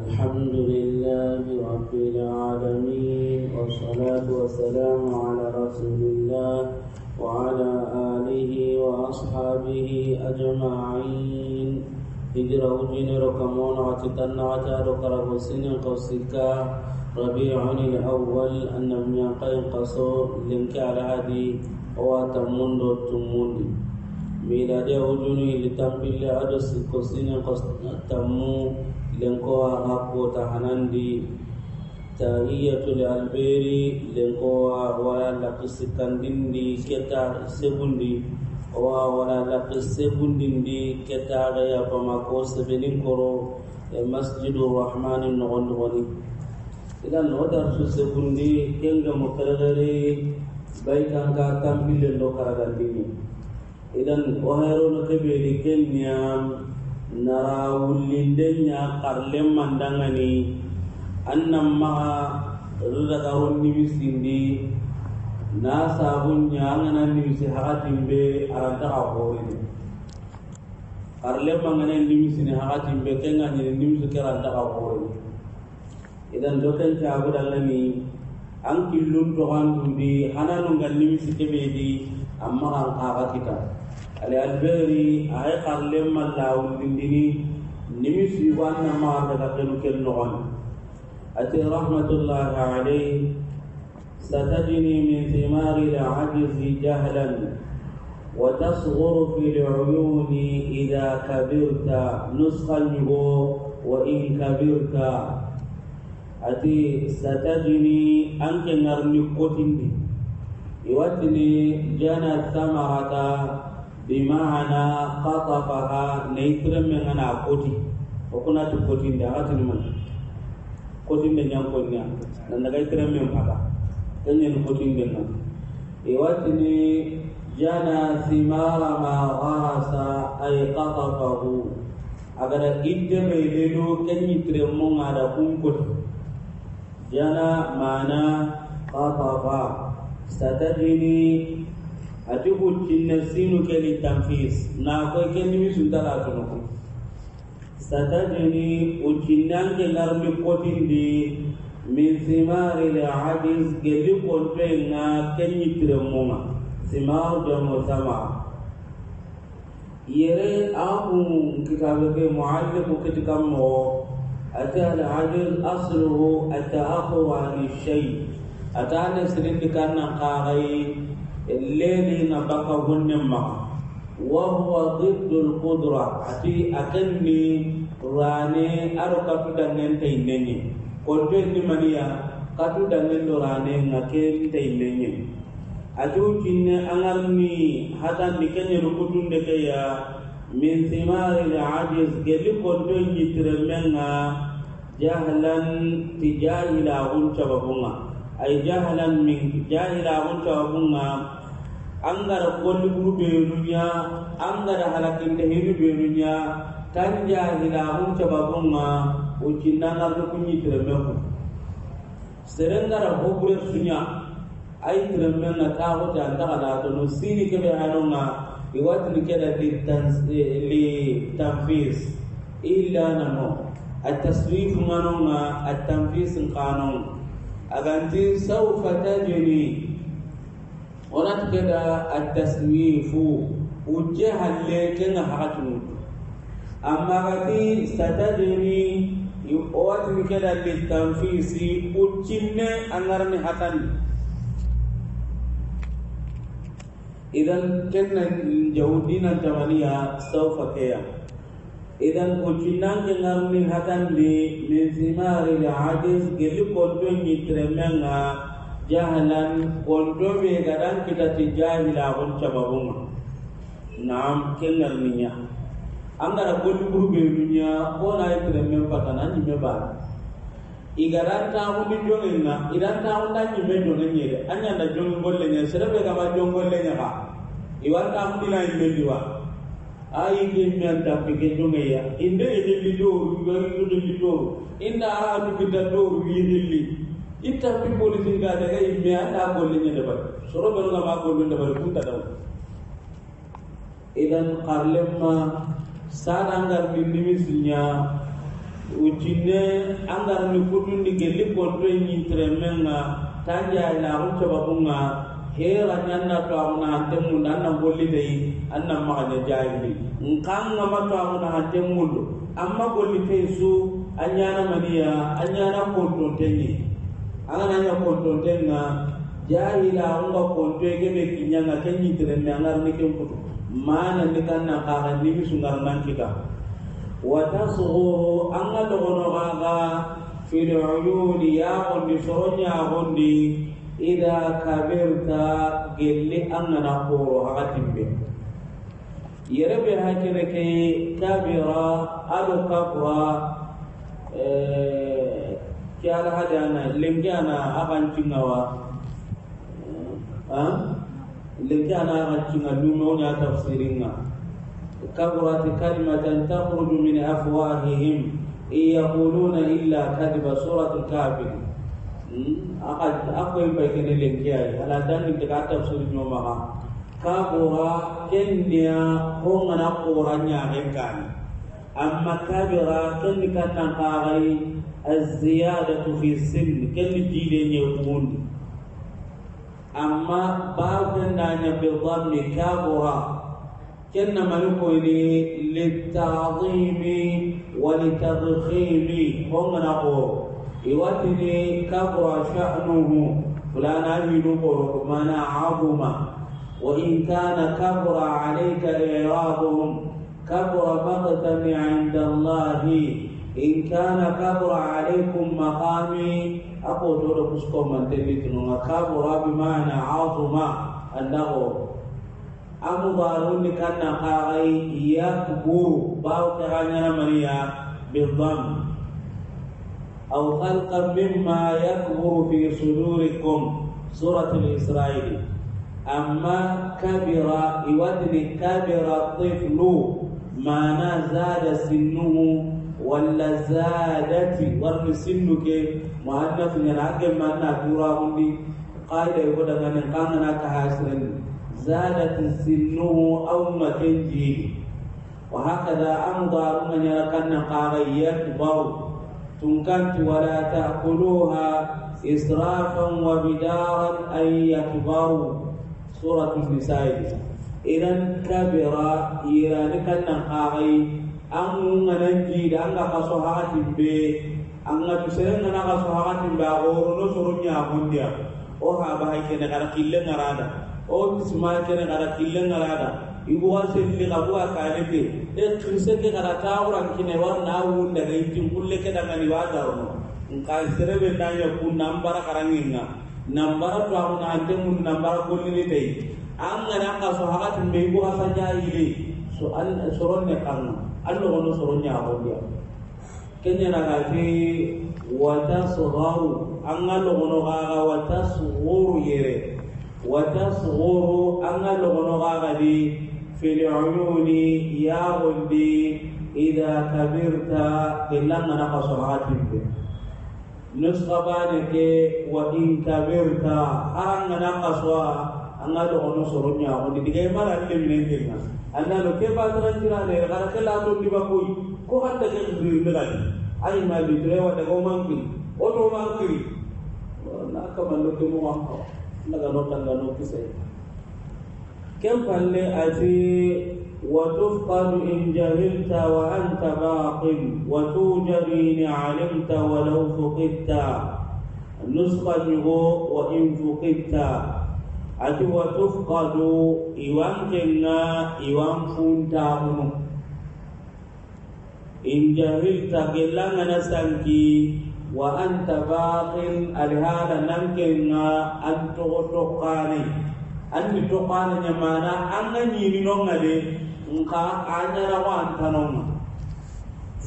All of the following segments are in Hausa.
الحمد لله رب العالمين والصلاة والسلام على رسول الله وعلى آله وأصحابه أجمعين هجرة وجين ركمون وتتنى وتارك رب سن قصكا ربيع الأول أن من يقين قصور لنك على هذه واتمون تمون ميلاد وجوني لتنبيل أدو سن قصتمو lenkowa tahanandi hanandi tahiyatul alberi lenkowa wala laki sikkandindi keta sebundi owa wala laki segundindi gaya bamako sebenin koro ya masjidu rahmani noxon noxoni ila no darsu segundi kenga mo baik angka tampillen do karagandini idan o hayrono keɓeeni ken nara wullinden ɲa karlen mandangani an nan maxa riragaron nimisindi na sabun ɲa an gana nimisi hakatin be arantaxa korini karlen mangana nimisini hakatin be kan ga ɲini nimisi a kerantaxa korini idan da cabudangani an killun toxan dundi hana nunga nimisi keɓedi amma an kaxa kita الألباني أي قلم الله ولدني نمي في وانا ما عندك كل نغن أتي رحمة الله عليه ستجني من ثمار العجز جهلا وتصغر في العيون إذا كبرت نسخا وإن كبرت أتي ستجني أنك نرني قتني يوتني جنى الثمرة bima'ana qatafaha naytram paha, ana koti o kuna to koti da atin man koti men nyam ko nya nan daga itram men papa dan nyen koti den nan jana thimara ma gharasa ay qatafahu agara idde me lelo kanyi tram mo ngada kun koti jana mana qatafa ستدري ati ku tinna sinu ke li tanfis na ko ke ni mi sunta la tuno ko sata jini o tinna ke larmi ko tindi min simari li hadis ke li ko to na ke ni tire moma simar da mo sama yere amu kitabe ke muallim ko kitam mo ati al hadis asluhu at ta'akhur an shay atana sirin kana qarai الليل نبقى هنما وهو ضد القدرة أتي أكني راني أركب دنين تينيني كنت نمانيا كتو دنين راني نكين تينيني أتو كن أغرني حتى نكني ركضون دكيا من ثمار العجز قلي كنت نترمينا جهلا تجاهلا غنشبهما ay jahalan min jahila on tawabunga angara golli buru benunya angara halakinde hinu dunya tan jahila on tawabunga o cinnanga to kunyi tiremeko serengara hobure sunya ay na ta ho ta ta kala to no sini ke kebe hanonga iwatni keda li tans li tanfis illa namo التسويف منونا التنفيس قانون أغنتين سوف تجري ونتكد التسميف وجه لكن حقتنود أما غتي ستجري يؤتي كده للتنفيس وجن أنرني حقن إذا كنا جهودنا الثمانية سوف كيام idan kucinan ke ngarni hatan di min simari da hadis gelu kondo ni tremenga jahalan kondo be gadan kita ti jahila on cababunga nam ke ngarninya angara kondi buru be dunia ona na tremen patana ni meba igaran ta hundi jongen na idan ta hunda ni me jongen anya na jongen golle nya serebe ga ba jongen golle nya ba iwan ta hundi na ni me diwa ayillinnan dappigellungeya inde elellidooru warrudellidooru inda haadugidallooru wiirelli ba polisingaadaga imme aɗa golleñe dabar soro ɓenugama k'u dabar kuntadaw idan karlemma saɗangarni nimisiña ucinne angarni na gelli kontoe ñintremenga tanjaynaaru cobakunga kera na to amuna hantem mun anna golli de anna maga jayri nkan ngama to amuna hantem mun amma golli te su anyana maniya anyana konton tenni angana nya konton na jahila ko konto ege be kinyanga kenyi an angar ni ken ma na ni na ka ni su ngar nan kika wa tasghu anga ga ga fi uyuni ya nya on ni ida kaberta gelle angana koro haga timbe yere be hakene ke kabira ado kabra ke ala hadana lemke ana agancingawa lemke ana agancinga lumewnya tafsiringa كبرت كلمة تخرج من أفواههم إن يقولون إلا كذب سورة الكافرين akoy paykene lenki ay ala dangin daga tafsir ñomaxa ka goxa kenneya ho ngana qora ñaxen kani amma kabira kenni a kaxay da fi sin kenni jiile ñewugundi amma babendaña bidammi ka goxa kenna mani koyni litadimi wa litarhimi ho ngana qooro iwatini kabura sha'nuhu fulana hinu ko mana aguma wa in kana kabra alayka i'rabuhum kabra maqtan 'inda Allah in kana kabura alaykum maqami ako to do kusko man tebi tunu kabra bi ma'ana azuma annahu amu barun ni kanna qarai kubu ba'u taranya maniya bi dhamm atau khalqan mimma yakmuru fi sudurikum surat al-israil amma kabira iwadni kabira tiflu mana zada sinnuhu wala zadati warni sinnu ke muhannas nya rage mana dura undi qaida ko daga nan kana na ka hasrin zadati sinnuhu aw makinji wa hakada amdaruna nya kan qaraiyat baru tunkantu wa la ta'kuluha israfan wa bidaran ay yakbaru suratu nisa'i idan kabira yani kannan akai an ngaran ji da an ga faso hakatin be an ga tusen na ga faso hakatin ba goro no surunya hundia o ha ba hakke na garakille ngarada o bisma ke na garakille ngarada ibuwan sendi kabu akane be e tunse ke kala tawran kine war na wunda ga itin kulle ke daga ni wadaru nka serebe na ya ku nambara karanginga nambara to amu na ante mun nambara gollini tay an ngana ka so hagat me ibu hasa jahili so an soron ne kan an no wono soron ya hodiya kenya na ga wata sogaru an ga logono ga ga wata suguru yere wata suguru an logono ga di fir'aununi ya rabbi idha kabirta illam naqa sahatin nusabane ke wa in kabirta aranga naqa sawa anga do ono soronya ko digai mara ke minen ke na anna lo ke ba tran tira ne gara ke la to diba koi ko hatta ke ndu ndira ai ma bi tre wa daga manki ono manki na ka mallo ke mo wa daga no tanga no kisai kem palle ati watufqadu in jahilta wa an anta baqin wa tujri ni alimta wa law fuqidta nusqan yugo wa in fuqidta ati watufqadu iwan kenna iwan funta umu in jahilta gelanga sanki wa an anta baqin an nankenna to tokani anni to qala nyamana anga nyini no ngale nka anyara wa antanonga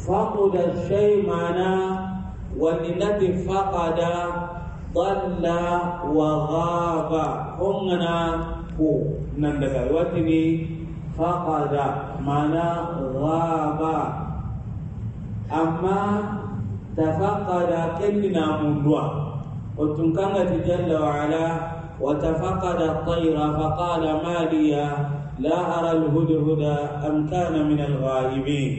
faqada shay mana wa inati faqada dalla wa ghaba hongana ko nan daga watini faqada mana ghaba amma tafaqada kenni na mundwa otunkanga jalla wa ala وتفقد الطير فقال ما لي لا أرى الهدهد أم كان من الغائبين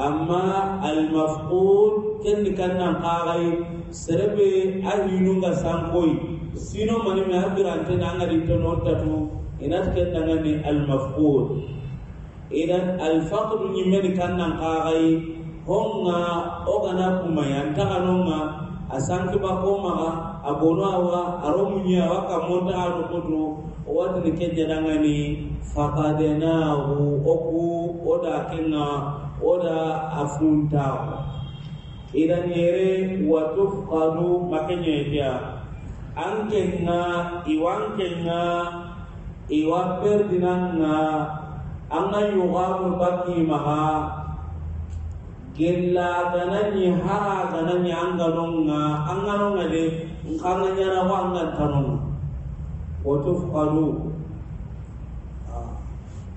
amma almafqud ken kannan qaray serebe ahinunga sankoy sino mani me habirante nanga ditono tatu inat ken nangani almafqud idan alfaqd nyimen kannan qaray honga ogana kuma yantaganonga asanki bakomaga agono awa aro munyawa kamonta ato kotu owatini kenjadangani fakadenahu oku oda kenga oda afuntahu idan yere watufkadu makenyeja ankenga iwankenga iwa perdinanga anga yugamu bakimaha gella tanani ha tanani anganonga anganonga de nkanga nyara wa angantanonga watufqalu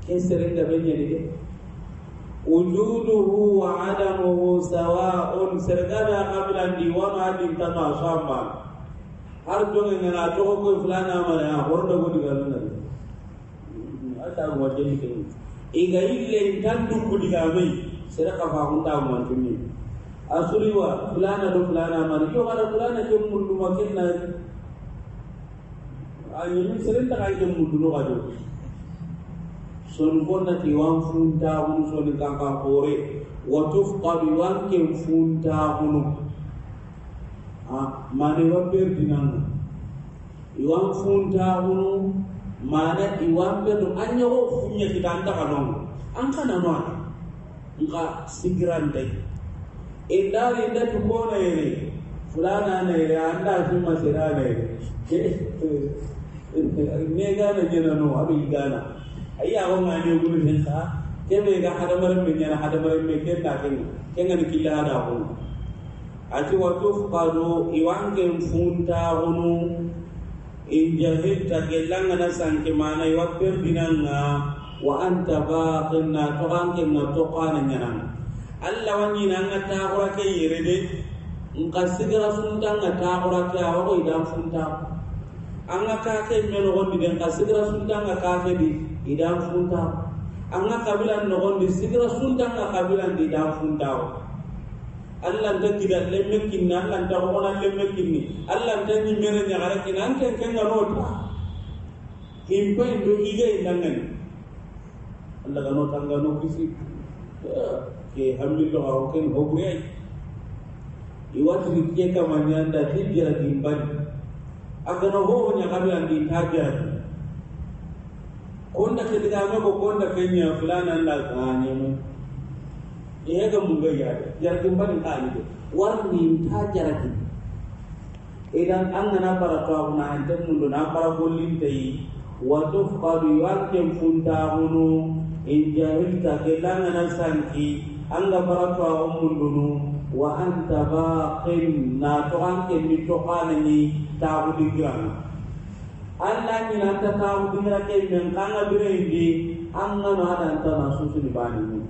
ken serenda benyani de wujuduhu wa adamuhu sawa'un sergada qablandi wa ma'adin tama shamba har jonge ngana to ko fulana mara ya horda godi galuna de ata wajeni ken iga ille tandu ga mai sere ka fa hunda man tunni asuriwa fulana do fulana man yo gara fulana ke mundu makenna ayi min sere ta kai ke mundu no gado son bonna ti wan funta hun so ni ka hore wa tufqad wan ke funta hun ha mane wa per dinan iwan funta hun mana iwan be do anyo funya kita anta kanon anka na no nga sigirande indari tuko kona yere fulana ana yere anda fi na yere ne gana jena no yi gana ayya ko ngani gulu fin sa kebe ga hadamar min yana hadamar min ken da ken ken ngani killa da ko ati wa tufqaru iwange funta hunu in jahid ta langa na sanke mana iwa na wa anta baqin na to kan ke na to kana nyana Allah wani na na ta gora ke yere de in ka sigira sun ta ke a ko idan sun an ka ka ke me no gondi de ka sigira sun ta idan sun an ka kabila no gondi sigira sun ta kabila di idan sun ta allah nta diga lemme kinni allah nta hogona lemme kinni allah nta ñimmene ñagara kini an ken kenga noota himpe ndo igay ndangani allagano tangano kisi ke hamlillo ha hoken hoguyay iwatiri ke kamanyanda hijira dimbani agano hoho ya andi tarjirani konda kedigame ko konda kenya fulani anda ganemu ihega mungayade jardimbani kaanide warnin ta jaradin idan an gana bara tawuna ante mundu na bara yi wato fadu yuwanken funtahuno in jahilta kelanganan sanki an ga baratu a dunu wa anta baqin na to ke mi to gran an alla ni anta tawudigan ke men kanga an anna ma anta ba ni bani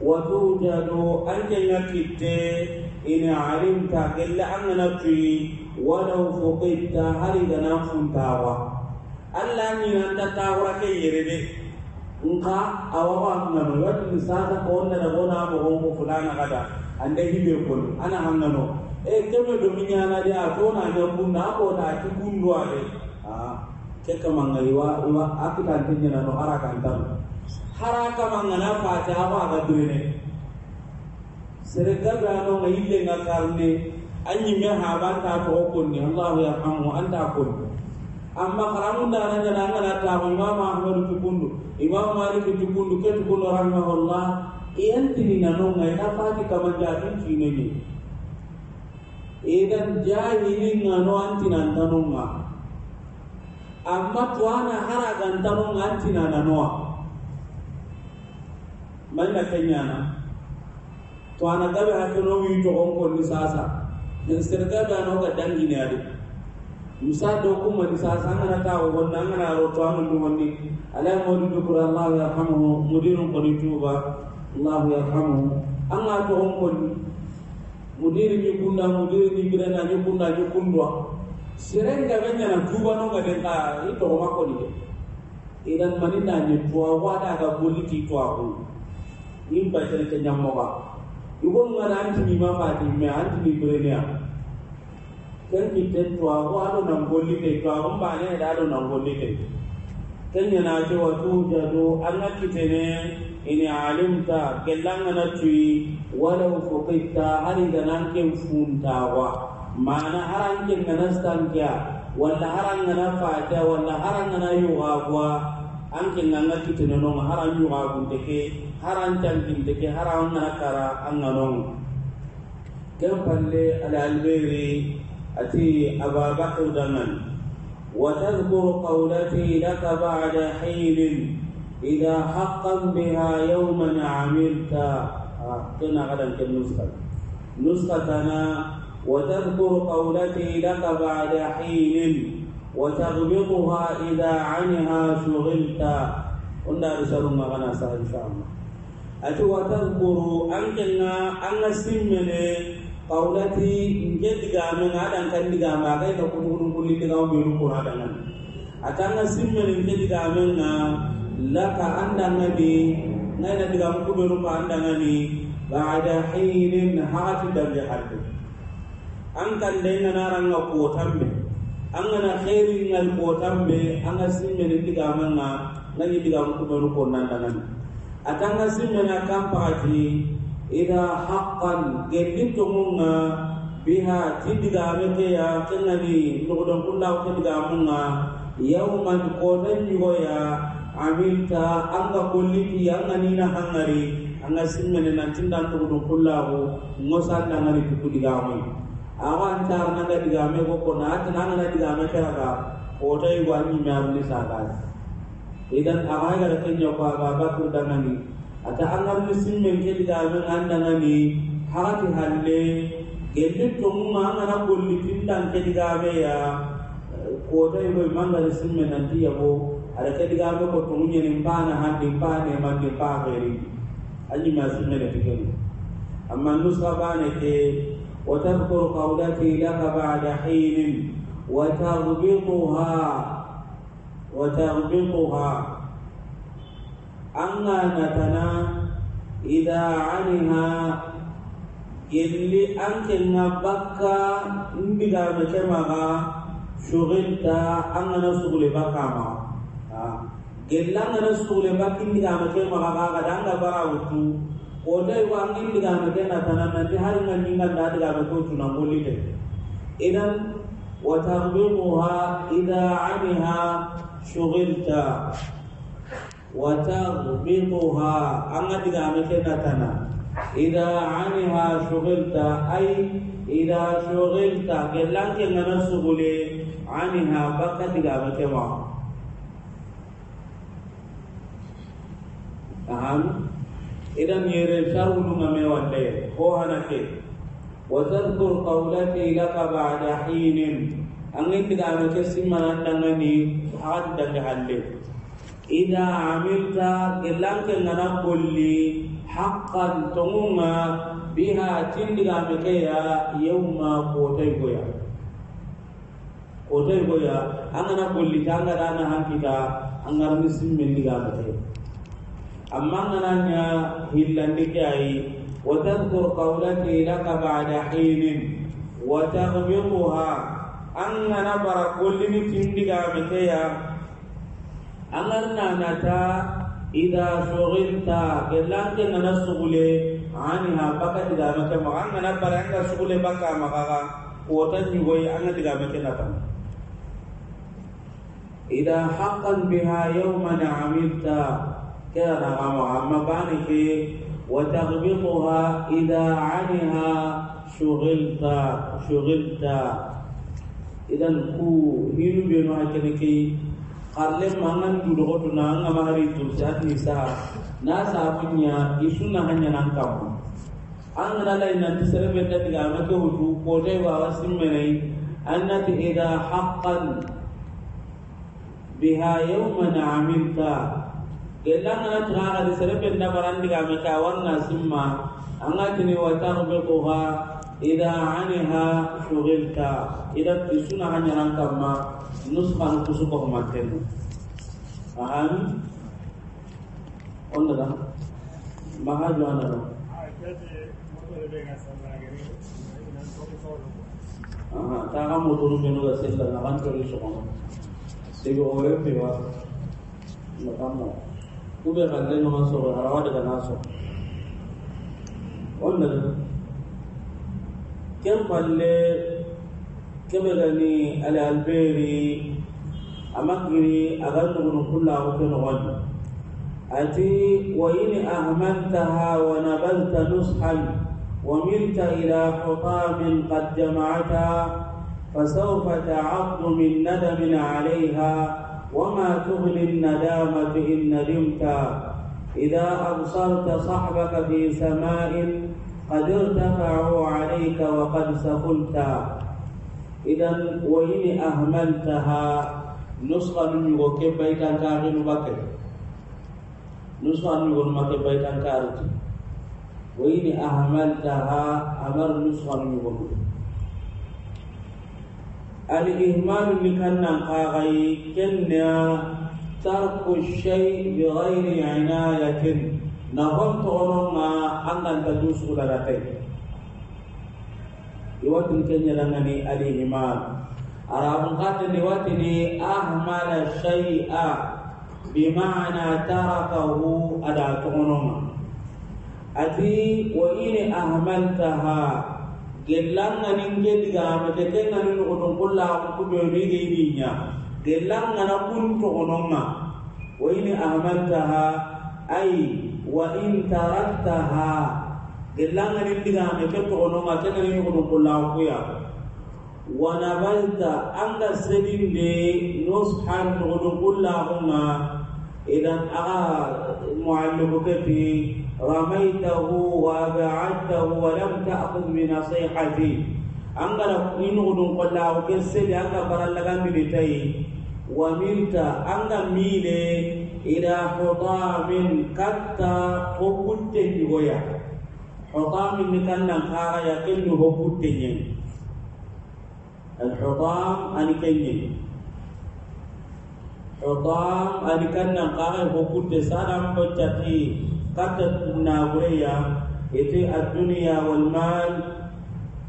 wa tujadu anke yakitte in alimta gella anna tuyi walau fuqita da na ta an alla ni anta tawra ke yerede nka awawa na wadin sasa ko wanda da gona ba ko ko fulana kada da hibe ko ana hangano e kebe domin ya na dia ko na ga na ko na ki kundu ne a ke kama ngai wa wa akita tinya na no haraka hara ka mangana fa ta awa ga dole serega ga no ngai le an yi me ha ba ta ko kunni allah an ta kunni amma karangun da nan nan ngala ta ko imam ahmad tukundu imam malik tukundu ke tukundu rahimahullah iyan tini nanon ngai na fati kaman jadin cine ne idan jahilin ngano antina tanon amma tuana haragan tanon antinan nanoa manya kenyana tuana gabe hakino wi to on ko ni sasa dan sirga ga no ga dangi ne adu musa do kuma bisa sangana ta o gonna an ro to an dum wonni ala modu do qura allah yarhamuhu mudirun qadi tuba allah yarhamuhu an ga to on ko mudiri ni kunda mudiri ni birana ni kunda ni kundwa ga ganya na tuba no ga den ka ito ma ko ni idan na ni tuwa wada ga boliti tuwa ko nimba tele nyammo ba igon ngana anti ni mama ni me anti ni birania termite tuwa ko hado nan golli ke tuwa kun ba ne da hado nan golli ke tanya na ce wa tujadu an na kitene ini alimta gellan na tuyi walau fuqita hari da nan kin funtawa mana haran kin na stankiya walla haran na fata walla haran na yuwa an kin nan na kitene non haran yuwa gun take haran tan kin take haran na kara an nan ken palle ala alberi أتي أبا بكر دما وتذكر قولتي لك بعد حين إذا حقا بها يوما عملت أعطينا غدا كالنسخة نسختنا وتذكر قولتي لك بعد حين وتغبطها إذا عنها شغلت قلنا رسالة ما غنى سهل إن شاء الله أتي وتذكر أنكنا أن سمني paulati nge digamen aɗan kan digame akay ka kutukutukulli digaw ɓenu kura ɗangan atanga simmeni nge digamen diga laka na, ngayna digamu kuɓenu ko andangani bada hinin haati darde hadde an kan daynganaranga kuwotanɓe an gana heringal kuwotanɓe anga simmeni digamen ga diga digamu kuɓenu ko nandangani atanga simmeni a kan pakati ida haqqan gellinto munga biha tidigameke ya kengani nogdon kullaw kedigamunga yauman konen yugoya amilta anga kolliti anga nina hangari anga simmene nantindan togdon kullahu ngosanda ngari tuku digamoy awa antarnaga digame goko naatinangana digame keraga kota yugo anyime abli sagasi idan awaygara kenyokoaga bakurdanani ata angar misin men ke an anda ngani harati halle gelli to mu angara golli tindan ke digabe ya ko dai boy manga misin men nanti ya bo ada ke digabe ko to munye nimpana hande ba mande pa gari ma masin men ke amma ba ne ke وتذكر قولتي لك wa tarbituha wa tarbituha anganatana ida aniha gelli ankenga bakka mbigarnetemaga shuginta angana sugule bakkama gella angana sugule bakki mbigarnetemaga kagada danga bara wutu kotai ko angin digarnetenatana nanti hari nga ninganda digarnetotunangolide idan watarbimuha ida aniha shugilta وتضبطها أما إذا تنا إذا عنها شغلت أي إذا شغلت قلنك أن نسغلي عنها بقى إذا مكما أهم إذا يرشون مميوالي هو هنكي وتذكر قولتي لك بعد حين أنك إذا مكسما أنني حدك حليت Ina a aminta kilanta nana kwalli haka tukakuma biya cin daga mafi kyau yau ma kotai koya. Kotai koya an nana kwalli ta nga na na hakika an Amma nana ni a hilandikai, wata siƙorafi wadannin ya taɓa da tsinin, wata ka yi koha, an gana fara ƙwallon cin angan nanata إذا شغلت كلان كن نسغل عنها بكا إذا مكا مغانا نبر عند شغل بكا مغاغا وتنجي وي أنا إذا مكا نبر إذا حقا بها يوما عملت كان غاما أما بانك وتغبطها إذا عنها شغلت شغلت إذا كو هيلو بما كنكي karle angani duro do na nga mahari to jat ni na sa punya isu na hanya nan ka ku an na lai nan ti sere beta diga ma to hudu ko ne wa wasim menai annati idha haqqan biha yawman amilta gelang na tra ga sere beta barandi ga ma ka wanna simma an ga tini wa ida anha shugilta ida tisuna hanyaran kama nuskan kusuko kumaten paham onda oh, da maha jwana da aha ta ga muturu benu da sella na kan tori so kono digo owe pewa na kamo kube kan le no so rawa daga naso onda da كم بالله كم غني على البيري أمكري أغنغن كله كنغن أتي وإن أهملتها ونبذت نصحا وملت إلى حطام قد جمعتها فسوف تعض من ندم عليها وما تغني الندامة إن ندمت إذا أبصرت صحبك في سماء قد ارتفعوا عليك وقد سخلت إذا وين أهملتها نسخة من يغوكب بيتا كارين بكر نسخة من يغوكب بيتا كارين وين أهملتها أمر نسخة من يغوكب الإهمال بكنا قاغي كنا ترك الشيء بغير عناية na hon ma an ganta du sugulagate iwatun ke ñalangani alihima arabun katini watini ahmala da ta tarakahu ma a ti wa ini ahmaltaha gellanganin ke digamate bai ngani nugutun kullaku gillan gellangana kun ma wa ini ha ai وإن تركتها قلنا نبدأ نكتب غنوما كنا نقول كلها قويا ونبذت أنت نصحا نقول كلهما إذا أغا معلمك في رميته وأبعدته ولم تأخذ بنصيحتي angara ila hutamin katta hokutten goya hutamin nikan nang kara ya kennu hokutten yen alhutam ani kenye hutam ani kannan kara hokutte sadam bacati katta nagureya ite adduniya walmal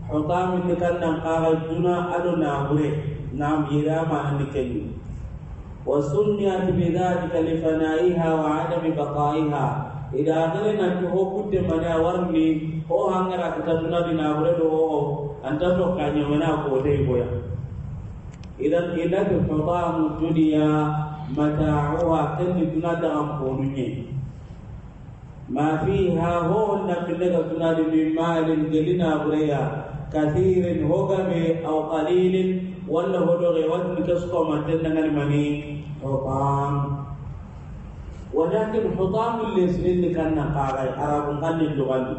hutam nikan nang kara duna ado anu nagure nam yirama ani kenye وسنيت بذلك لفنائها وعدم بقائها إذا أغلنا تهوكت منا ورمي هو هنغرا كتبنا لنا ورده هو أن تتوقع يمنا قوتي بويا إذا إذا حطام الدنيا متاعها كن تنادغم قومي ما فيها هو نقلنا تنادي من مال قلنا بريا كثير هو أو قليل wala hodo walla hoɗoxe watni keskomaten ngal mani hutam walakin hutamu na qara arab ngal kannin lugandi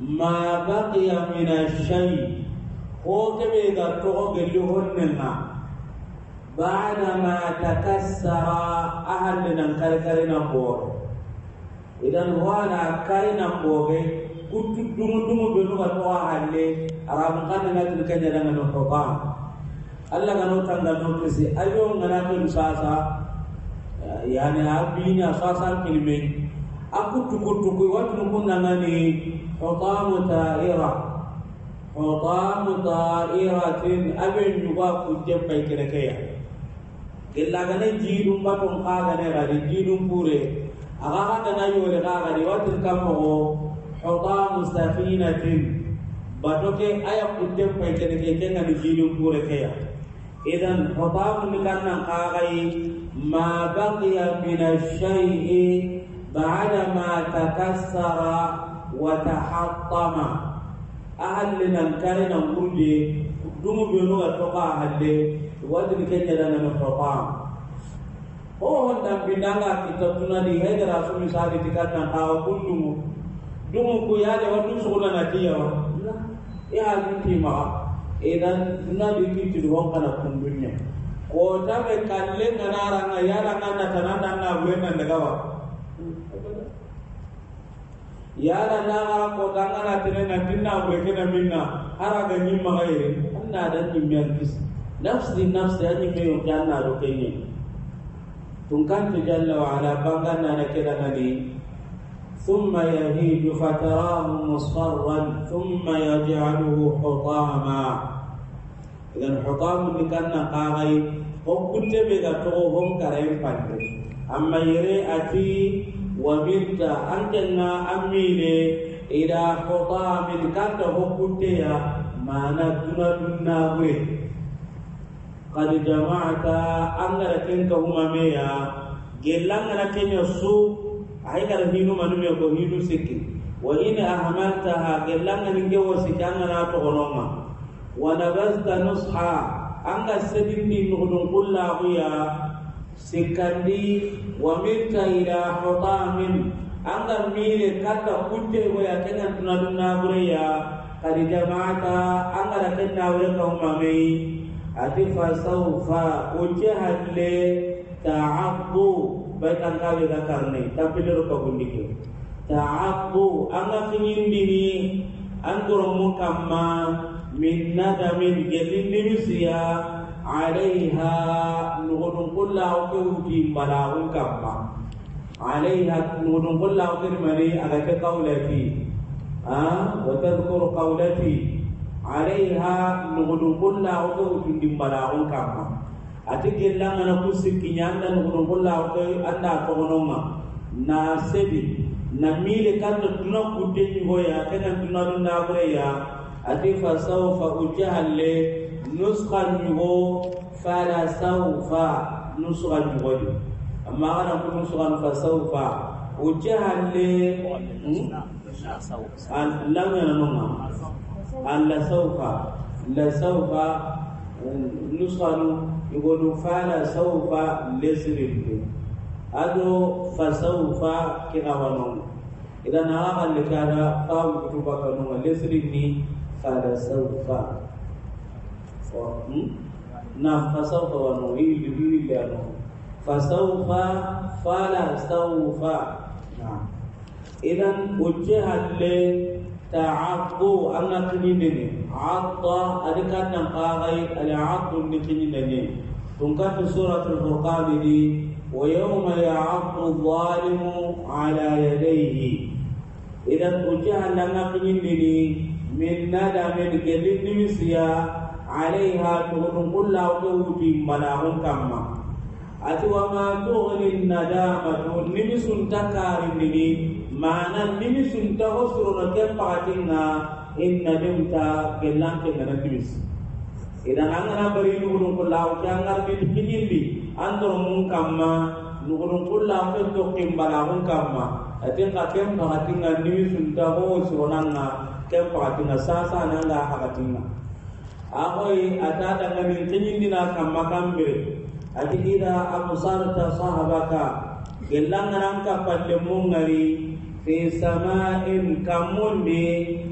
ma baqiya min ashai ho hon ne na ma ahal keɓe ga toxo gelli honnenga na ko ge kutu dumu dumu be وانا كرنا to ahal le arab ngal na لي ke قد na جلنا نحطان Allah ga nota da no sai ayo ngana ke sasa yani eh, ya sasa kilme aku tuku tuku mun kun nana ngani hutamu ta'ira ta'ira tin abin yuba ku je kire kaya illa ga ji dum ba dum ka ga gane radi dum pure aga ga na yore ga ga watu kamo hutamu safinatin badoke aya ku je kire kaya kerekeya ji dum pure kaya Idan baban wani kanna a a harai, maa ba ka yi a bina shayi ba adama ta tasa ra wa ta a fama A haɗin lantarki na wunde, biyu ne ka tɔka a haɗe, wajen keke da nama tɔpa. Ko na biya a kankanta tunanin ya yi darasu misali da kanna a haɗin wani duku ko ya yi wa dusu ko na na te Ya. halin kai idan na bi mi ti hon kana kun dunya ko ta be kalle ngana ranga ya ranga na tananda na wena daga wa ya ranga ngara ko tanga na tene na tinna we kena minna ara ga nyi ma gai anna da nyi mer kis nafsi nafsi ya nyi me janna ro kenye tun kan jalla wa ala bangana na kira na ni ثم يهيج فتراه مصفرا ثم يجعله حطاما إذا حطام لكان قاري هم كل بيغا تغوهم كريم فاندر أما يري أتي وملت أنتنا اميلي إلى حطام لكان هم كنتيا ما ندنا دناوي قد جمعت أنغرتين كهما ميا جلان غرتين يسوق haikara hinu manu me ya ko hinu sikki wa in ahamaltaha gellanga ninge wo sikanga na to gonoma wa nabasta nusha anga sedindi nugdun kullahu ya sikandi wa minka ila hutamin anga mire kata kutte wo ya kenan tunaduna bureya kadi jama'ata anga da kenna wure ka umamei ati baitan kawi gakarni tapi liru ka gundiki ta'aqqu anga kinyindini angkoro mun kama, min nadamin gelindini siya alaiha nugudun kulla ke uti malaun kamma alaiha nugudun kulla ke mari aga ke kaulati ah wa tadhkuru qawlati alaiha nugudun kulla ke uti malaun kamma ati gella ngana ku sikki nyanda no ko bolla ko anda ko ma na sebi na mile kan tuna ku de ni hoya kana tuna no na gore ya ati fa sawfa ujahalle nusqan ni ho fala sawfa nusqan ni ho amma ana ku nusqan fa sawfa ujahalle an hmm? lamana nonga an la sawfa la sawfa نسخة يقول فلسوف لزرب أدو فسوف كنوانون إذا نعم اللي كان قام كتبا كنوا لزرب فلسوف نعم فسوف ونوه يلبي لأنه فسوف فلسوف نعم إذا وجهت ta'abbu anna kinini ni atta adika nan qaray ala atta ni kinini ni tunka fi suratul furqan ni wa yawma ya'abbu dhalimu ala yadayhi idan tujaha nan kinini ni min nadami ni kinini ni siya alaiha tuhunu kulla wujudi malahun kamma ati wa ma tughni nadama tu ni misun takarin ni mana mini sunta ho surona ken pagatinga inna dimta gelang ke ngana Ida idan an ngana bari nugurun kullaw ke an ngar bin hijindi an toro mun kamma nugurun kullaw ke to kimbala mun kamma Ati ka ken pagatinga nimi sunta ho surona nga ken pagatinga sasa nan da hagatinga ahoy atada ngamin kinyindina kamma kambire ati ida abusarta sahabaka gelang ngana ka palle ngari fi sama'in kamun be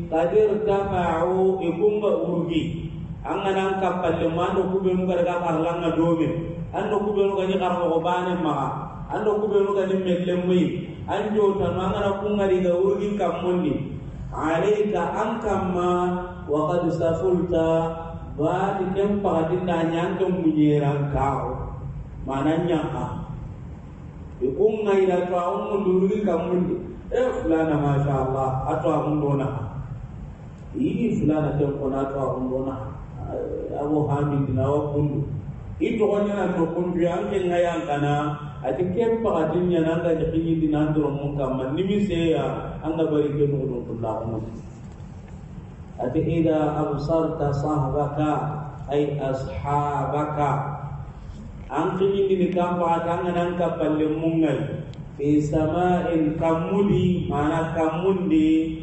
qadir tafa'u igumba urgi angana kapalle mando kubenu garga karlanga domen ando kubenu gani karmo ko bane ma ando kubenu gani melle muy anjo tan angana kungari ga urgi kamundi alayka ankamma wa qad safulta ba di kempa dinda nyanga munyerang kau mananya ka ikunga ila tawon mundurugi kamundi eh fulana masha Allah atwa hundona iyi fulana ten kono atwa hundona abo hamidinawa kundu i togoñanan no kunduya an ke ŋayan kana ati ken pagatin ñana an ga jakiñidina an doro mun kamma nimi seya an ga bari ke nugudun kullaxumu ati ida absarta sahbaka ay ashabaka an kiñidini kan pagata an ganan kappalle mun ŋay fi sama'in kamudi mana kamundi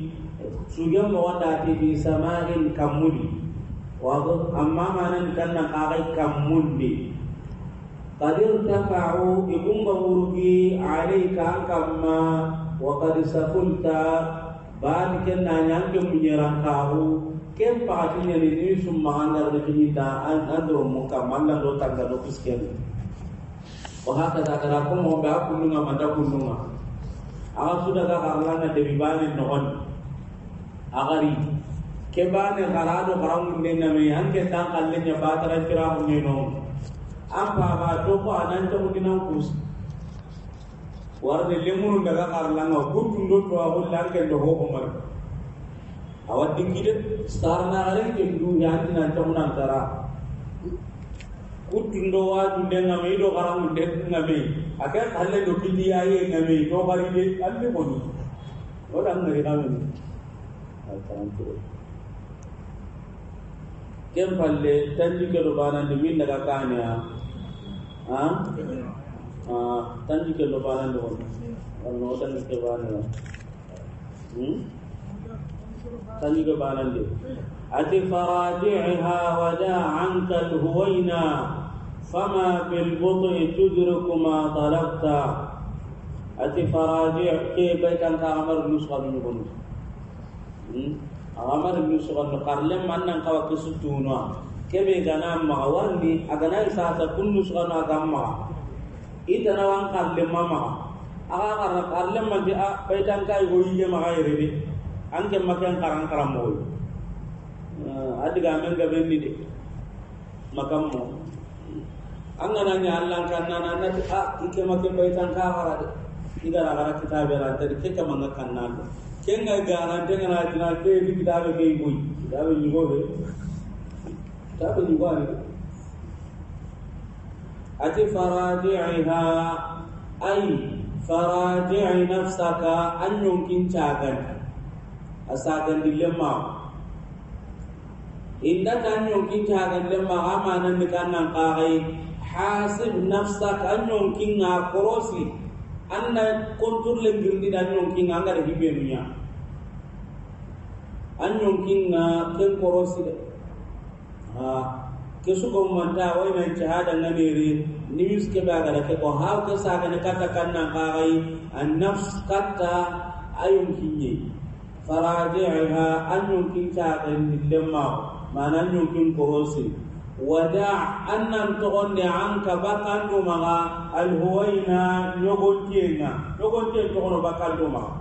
sugam wada ti fi sama'in kamudi wa amma mana kanna qari kamundi qad irtafa'u ibum bahuruki 'alaika kamma wa qad safulta ba'd kanna yanke munyaran kahu kem patinya ni sumanda rekini da an adro mukamanda do tagado kuskeni wahakaza kara kumombe akulunga manda kulunga agasuda ga garlana debibane nogon agari kebane garado garangunde name anke tangalenya batara kiramunye no ampa ba to ko ananto mudinan kus warne lemuru daga garlanga gutun do to awol lanke do hobo mar awadin gidet starna garen ke du yantina tamunan tara utundo wajunde ngame ido garangunde ngame ake kalle do kiti aye ngame do garide alle koni wala ngari ngame alfaranto kem palle tanji ke do banande min daga kanya ha ha tanji ke do banande on wallo tanji ke banande ya. hmm tanji ke banande ati faraji'ha wada anka alhuwaina فما البطء تدرك ما طلبت أتي فراجع كي بيت أنت عمر بن صغر بن عمر بن صغر بن لما أن أنك وكسدونا كبي غنام ما ورني أغنى إساسا كل صغر نغم ما إذا نوان قرلم ما أغا قرلم قرلم ما جاء بيت أنك يغوي ما غيري أنك مكان قران قرام موي أه، أدغامن غبن دي مكان مو an gana nya allah kan na na ti a ah, ike make bai tan ka fara de iga na gara eh, kitabe ran ta ke ka na kan na do ken ga garan de na dina ke bi kitabe ke yi kitabe ni go be kitabe ni go ne ati faradiha ay faradi nafsaka an yunkin chagan asagan dilemma inda kan yunkin chagan dilemma amanan kan nan qagai hasib nafsak an yonkinga korosi anna konturle girndida an yonkinga angada hibenuya an yonkinga ken korosi de ke suka umanta wainan shahada nganere nimis ke bagada ke ko haw ke sagane kata kannan kaxay an nafs katta a yonkinye farajiha an yonkin caaxen dillen maao mana an yonkin korosi wada annan togonde anka bakandu maga alhuwaina ñogontiyenga ñogontiyen togono bakandu maga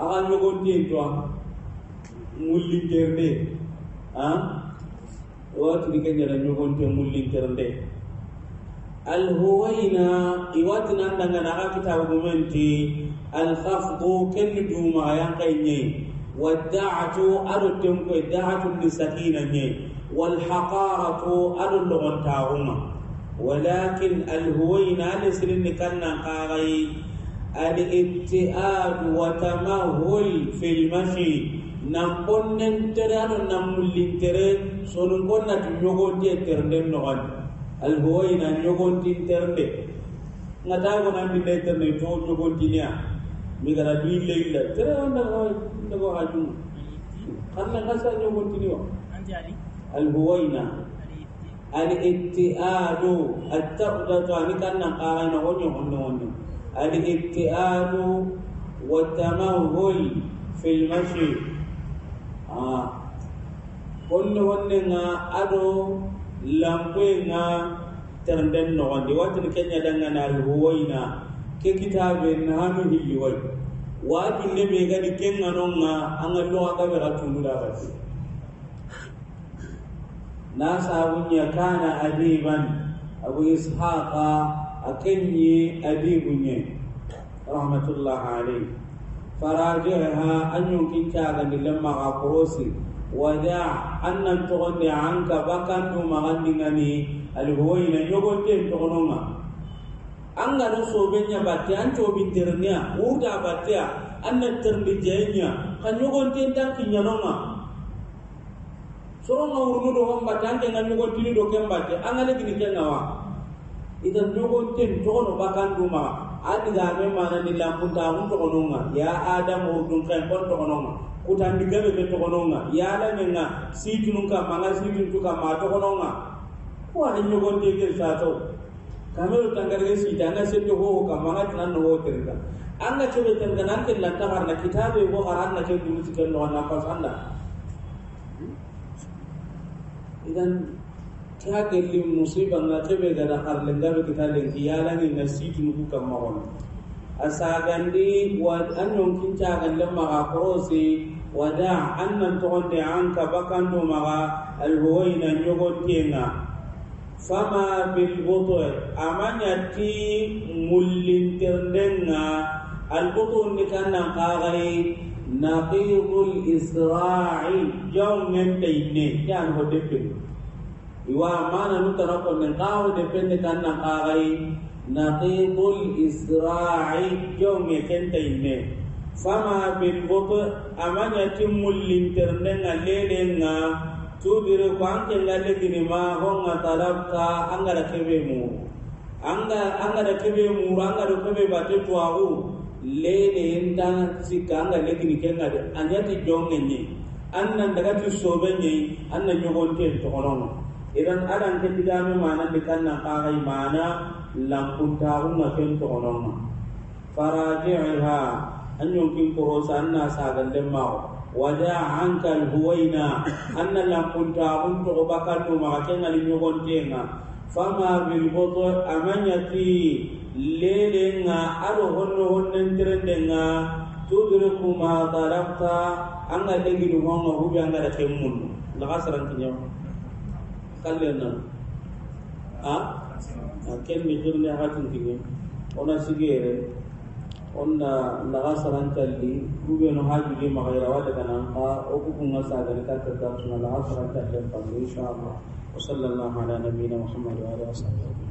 aga ñogontiyen toa mullinternde a watini keñada ñogonte mullinternde alhuwaina iwatina andangana aga kitabugumenti alhafdu kenni dumaga yankay ñeyi wada'atu aɗo ko da'atu lisakina ñeyi والحقارة أدل تاهما ولكن الهوين الاسرين كان قاري الابتئاد وتمهل في المشي نقنن تران نملين تران سنقنن تنيوغون تي ترندن نغان الهوين نيوغون تي ترندن ngatago nan dinne terne to to kontinya mi gara dui leila tera wanda ko ko haju kan na kasa nyogon tiniwa anjali albuwaina a ittiadu at-taqdatu anikan nan qarana wonyo wonyo wonyo al-ittiadu wa tamahul fil mashi ah wonyo wonyo nga ado lampe nga ternden no wande watin kenya danga na albuwaina ke kitabe na hanu hilli wai wa kin ne be ga dikenga nonga an Allah ka be ratunu da basi ناسا ونيا كان أديبا أبو إسحاق أكني أديب رحمة الله عليه فراجعها أن يمكن كاغني لما غاقروسي وداع أن تغني عنك بكن مغنغني الهوين يغني تغنونا أن نسو بنيا باتي أن توبين ترنيا ودا باتيا أن ترني جينيا كان يغني تنكي نونا soronga wurnu do hamba tanke nga nyogo tini do kemba te angale gini kenga wa ida nyogo ten to bakan duma adiga me mana ni lampun ta hun to ya adam urdun kan kon to kononga kutan diga be to ya la menga situnu ka manga situnu tu ka ma to kononga ko an nyogo te ke sa to kamero tangarge sita anga ho ka manga tanan no ho terka anga cebe tanga nan ke lanta harna kitabe bo haranna ke dumusi ken no na pasanda idan ta gelli musiba nga tebe da harlen gabe ta lenki yala ne na situ ku a a sagande wa annon kinta galle maga korose wada annan togonde ga bakando maga alhuwaina tena fama bil butoy amanya ti mullin terdenga al butun ni nan qagari naqirul isra'i jongen tayne yan ho depen iwa mana nutara ko men qaw depen kan na qagai naqirul isra'i jongen tayne fama bin bobo amanya timmul linterne ngalele nga tubire ko anke ngalle ginima ho nga tarabta angara kebe mu anga angara kebe mu angara kebe bate tuahu lene nda kanga anga legini kenga de anyati jonge ni anna daga tu sobe ni anna nyogon te to onono idan adan ke digame mana de kanna kagai mana lampun taunga ken to onono faraji'ha anyo kin ko sanna sagan de mawo waja anka huwaina anna lampun taun to bakatu ma kenga ni nyogon tenga fama bil bodo amanyati lele nga ado honno honnen tirende nga tudriku ma darabta anga degi du honno hubi anga da kemmun la gasaran kinyo kallen nan a ken mi jirne hatin kinyo ona sigere onna la gasaran talli hubi no haji ge magaira wala kana ka o ku kunga sadari ka ta ta la gasaran talli insha Allah وصلى الله على نبينا محمد وعلى اله وصحبه